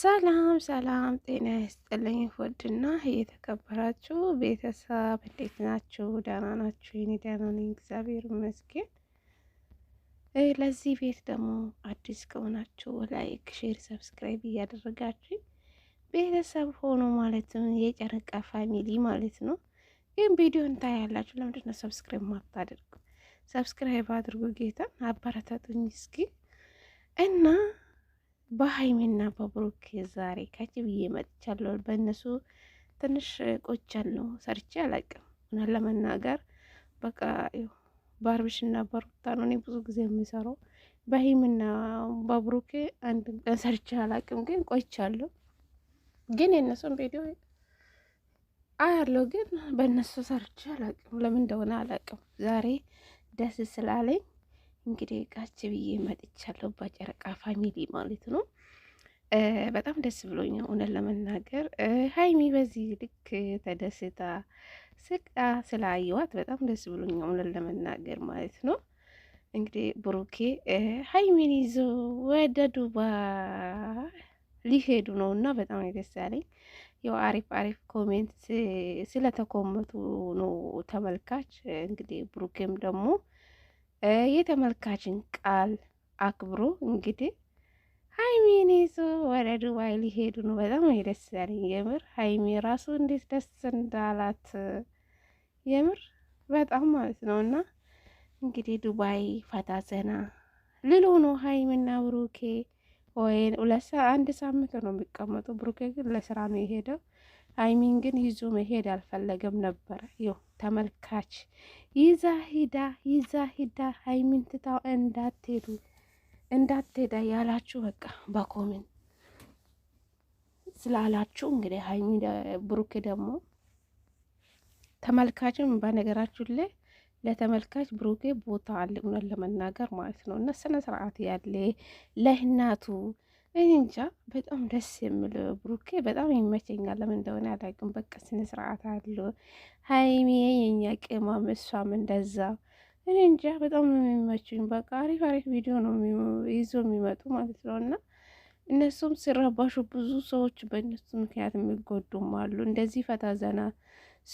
ሰላም ሰላም፣ ጤና ይስጥልኝ። ውድና እየተከበራችሁ ቤተሰብ እንዴት ናችሁ? ደህና ናችሁ? የኔ ደህና ነኝ፣ እግዚአብሔር ይመስገን። ለዚህ ቤት ደግሞ አዲስ ከሆናችሁ ላይክ፣ ሼር፣ ሰብስክራይብ እያደረጋችሁ ቤተሰብ ሆኖ ነው የጨረቃ ፋሚሊ ማለት ነው። ግን ቪዲዮ እንታይ ያላችሁ ለምንድን ነው ሰብስክራይብ ማታደርጉ? ሰብስክራይብ አድርጉ፣ ጌታ አበረታቱኝ እስኪ እና በሀይሚና በብሩክ ዛሬ ከች ብዬ መጥቻለሁ። በእነሱ ትንሽ ቆይቻለሁ፣ ሰርቼ አላቅም ምናምን ለመናገር በቃ በአርብሽና በሩታ ነው እኔ ብዙ ጊዜ የሚሰራው። በሀይሚና በብሩክ አንድ ሰርቼ አላቅም፣ ግን ቆይቻለሁ። ግን የእነሱን ቪዲዮ አያለሁ፣ ግን በእነሱ ሰርቼ አላቅም። ለምን እንደሆነ አላቅም። ዛሬ ደስ ስላለኝ እንግዲህ ቃች ብዬ መጥቻለሁ በጨረቃ ፋሚሊ ማለት ነው። በጣም ደስ ብሎኛል እውነት ለመናገር ሀይሚ በዚህ ልክ ተደስታ ስቃ ስላየዋት በጣም ደስ ብሎኛል እውነት ለመናገር ማለት ነው። እንግዲህ ብሩኬ ሀይሚን ይዞ ወደ ዱባይ ሊሄዱ ነው እና በጣም ደስ ያለኝ ያው አሪፍ አሪፍ ኮሜንት ስለተኮመቱ ነው ተመልካች እንግዲህ ብሩኬም ደግሞ የተመልካችን ቃል አክብሮ እንግዲህ ሀይሚን ይዞ ወደ ዱባይ ሊሄዱ ነው። በጣም ደስ ያለኝ የምር ሀይሚ ራሱ እንዴት ደስ እንዳላት የምር በጣም ማለት ነው። እና እንግዲህ ዱባይ ፈታ ዘና ልሎ ነው ሀይሚና ብሩኬ ወይ አንድ ሳምንት ነው የሚቀመጡ። ብሩኬ ግን ለስራ ነው የሄደው። ሀይሚን ግን ይዞ መሄድ አልፈለገም ነበር። ይኸው ተመልካች ይዛ ሂዳ ይዛ ሂዳ አይሚን ትታው እንዳትሄዱ እንዳትሄዳ ያላችሁ በቃ በኮሜንት ስላላችሁ እንግዲህ ሀይሚ ብሩክ ደግሞ ተመልካችም በነገራችሁ ላይ ለተመልካች ብሩኬ ቦታ አለ እውነት ለመናገር ማለት ነው እና ስነ ስርዓት ያለ ለህናቱ እኔ እንጃ በጣም ደስ የምል ብሩኬ በጣም ይመቸኛል። ለምን እንደሆነ አላውቅም። በቃ ስነ ስርዓት አለው። ሀይሚ የኛ ቅማም እሷም እንደዛ እኔ እንጃ በጣም ነው በቃ አሪፍ አሪፍ ቪዲዮ ነው ይዞ የሚመጡ ማለት ነው እና እነሱም ሲረባሹ ብዙ ሰዎች በእነሱ ምክንያት የሚጎዱም አሉ። እንደዚህ ፈታ ዘና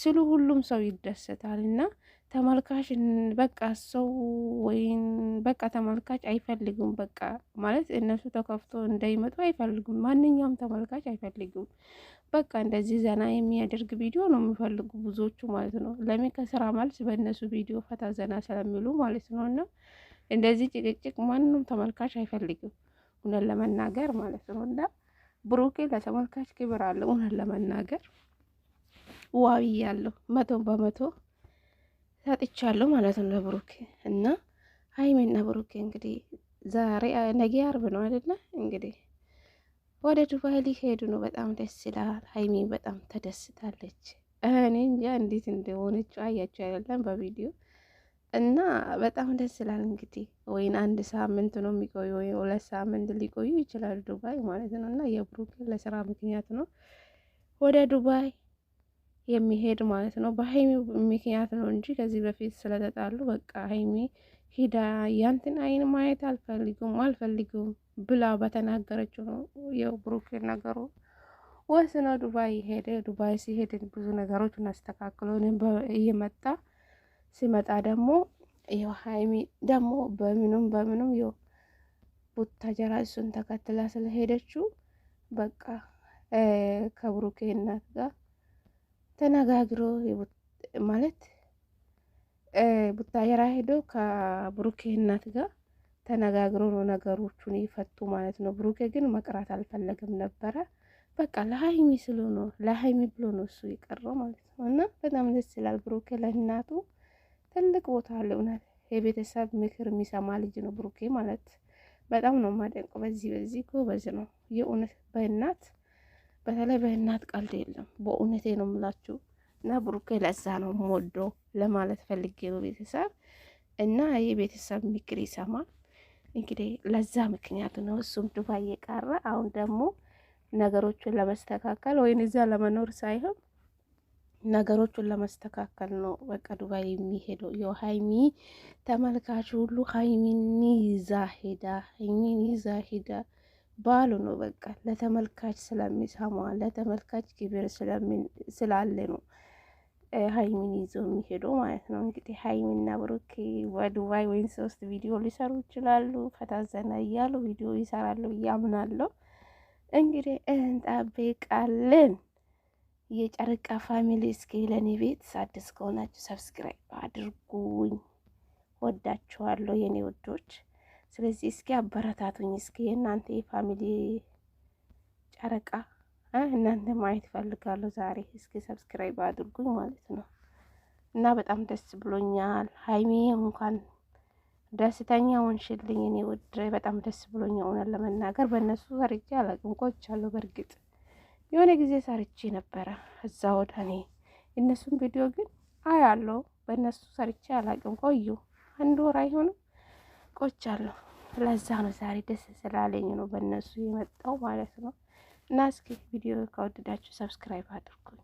ስሉ ሁሉም ሰው ይደሰታል እና ተመልካች በቃ ሰው ወይም በቃ ተመልካች አይፈልጉም። በቃ ማለት እነሱ ተከፍቶ እንዳይመጡ አይፈልጉም። ማንኛውም ተመልካች አይፈልጉም። በቃ እንደዚህ ዘና የሚያደርግ ቪዲዮ ነው የሚፈልጉ ብዙዎቹ ማለት ነው። ለምን ከስራ መልስ በእነሱ ቪዲዮ ፈታ ዘና ስለሚሉ ማለት ነው። እና እንደዚህ ጭቅጭቅ ማንም ተመልካች አይፈልግም፣ እውነት ለመናገር ማለት ነው። እና ብሩኬ ለተመልካች ክብር አለው፣ እውነት ለመናገር ዋቢ ያለው መቶ በመቶ አለው ማለት ነው ብሩክ እና ሀይሜና ብሩክ እንግዲህ ዛሬ ነገ አርብ ነው አይደለ? እንግዲህ ወደ ዱባይ ሊሄዱ ነው። በጣም ደስ ይላል። ሀይሜ በጣም ተደስታለች። እኔ እንጃ እንዴት እንደሆነችው አያችሁ አይደለም በቪዲዮ እና በጣም ደስ ይላል። እንግዲህ ወይን አንድ ሳምንት ነው የሚቆዩ ወይ ሁለት ሳምንት ሊቆዩ ይችላሉ ዱባይ ማለት ነው እና የብሩክ ለስራ ምክንያት ነው ወደ ዱባይ የሚሄድ ማለት ነው። በሀይሚ ምክንያት ነው እንጂ ከዚህ በፊት ስለተጣሉ በቃ ሀይሚ ሂዳ ያንትን አይን ማየት አልፈልጉም አልፈልጉም ብላ በተናገረችው ነው የው ነገሩ ወስኖ ዱባይ ሄደ። ዱባይ ሲሄድ ብዙ ነገሮች እናስተካክሎ እየመጣ ሲመጣ ደግሞ ይው ሀይሚ ደግሞ በምኑም በምኑም ይኸው ቡታጀራ እሱን ተከትላ ስለሄደችው በቃ ከብሩኬ እናት ጋር ተነጋግሮ ማለት ቡታየራ ሄዶ ከብሩኬ እናት ጋር ተነጋግሮ ነው ነገሮቹን ይፈቱ ማለት ነው። ብሩኬ ግን መቅራት አልፈለግም ነበረ። በቃ ለሀይሚ ስሎ ነው ለሀይሚ ብሎ ነው እሱ የቀረው ማለት ነው። እና በጣም ደስ ይላል። ብሩኬ ለእናቱ ትልቅ ቦታ አለ። እውነት የቤተሰብ ምክር የሚሰማ ልጅ ነው ብሩኬ ማለት በጣም ነው ማደንቆ። በዚህ በዚህ ጎበዝ ነው የእውነት በእናት በተለይ በእናት ቀልድ የለም። በእውነቴ ነው ምላችሁ እና ብሩኬ ለዛ ነው ሞዶ ለማለት ፈልጌ ነው ቤተሰብ እና ይህ ቤተሰብ ምክር ይሰማል። እንግዲህ ለዛ ምክንያቱ ነው እሱም ዱባይ የቀረ አሁን ደግሞ ነገሮቹን ለመስተካከል ወይም እዚያ ለመኖር ሳይሆን ነገሮቹን ለመስተካከል ነው በቃ ዱባይ የሚሄደው። ያው ሀይሚ ተመልካች ሁሉ ሀይሚን ይዛ ሄዳ ሀይሚን ይዛ ሄዳ ባሉ ነው። በቃ ለተመልካች ስለሚሰማ ለተመልካች ክብር ስላለ ነው ሀይሚን ይዞ የሚሄደው ማለት ነው። እንግዲህ ሀይሚና ብሩክ በዱባይ ወይም ሶስት ቪዲዮ ሊሰሩ ይችላሉ። ፈታዘና እያሉ ቪዲዮ ይሰራሉ እያምናለሁ። እንግዲህ እንጠብቃለን። የጨርቃ ፋሚሊ እስኪ ቤት አዲስ ከሆናችሁ ሰብስክራይብ አድርጉኝ። ወዳችኋለሁ የኔ ውዶች። ስለዚህ እስኪ አበረታቱኝ። እስኪ የእናንተ የፋሚሊ ጨረቃ እናንተ ማየት ፈልጋለሁ ዛሬ። እስኪ ሰብስክራይብ አድርጉኝ ማለት ነው። እና በጣም ደስ ብሎኛል። ሀይሚ እንኳን ደስተኛ ሆንሽልኝ። እኔ ውድ በጣም ደስ ብሎኛ ሆነ ለመናገር በእነሱ ሰርቼ አላቅም። ቆይቻለሁ። በእርግጥ የሆነ ጊዜ ሰርቼ ነበረ እዛ ወደ እኔ የእነሱን ቪዲዮ ግን አያለው። በእነሱ ሰርቼ አላቅም። ቆዩ አንድ ወር አይሆንም ቆይቻለሁ። ለዛ ነው ዛሬ ደስ ስላለኝ ነው በእነሱ የመጣው ማለት ነው። እና እስኪ ቪዲዮ ከወደዳችሁ ሰብስክራይብ አድርጉኝ።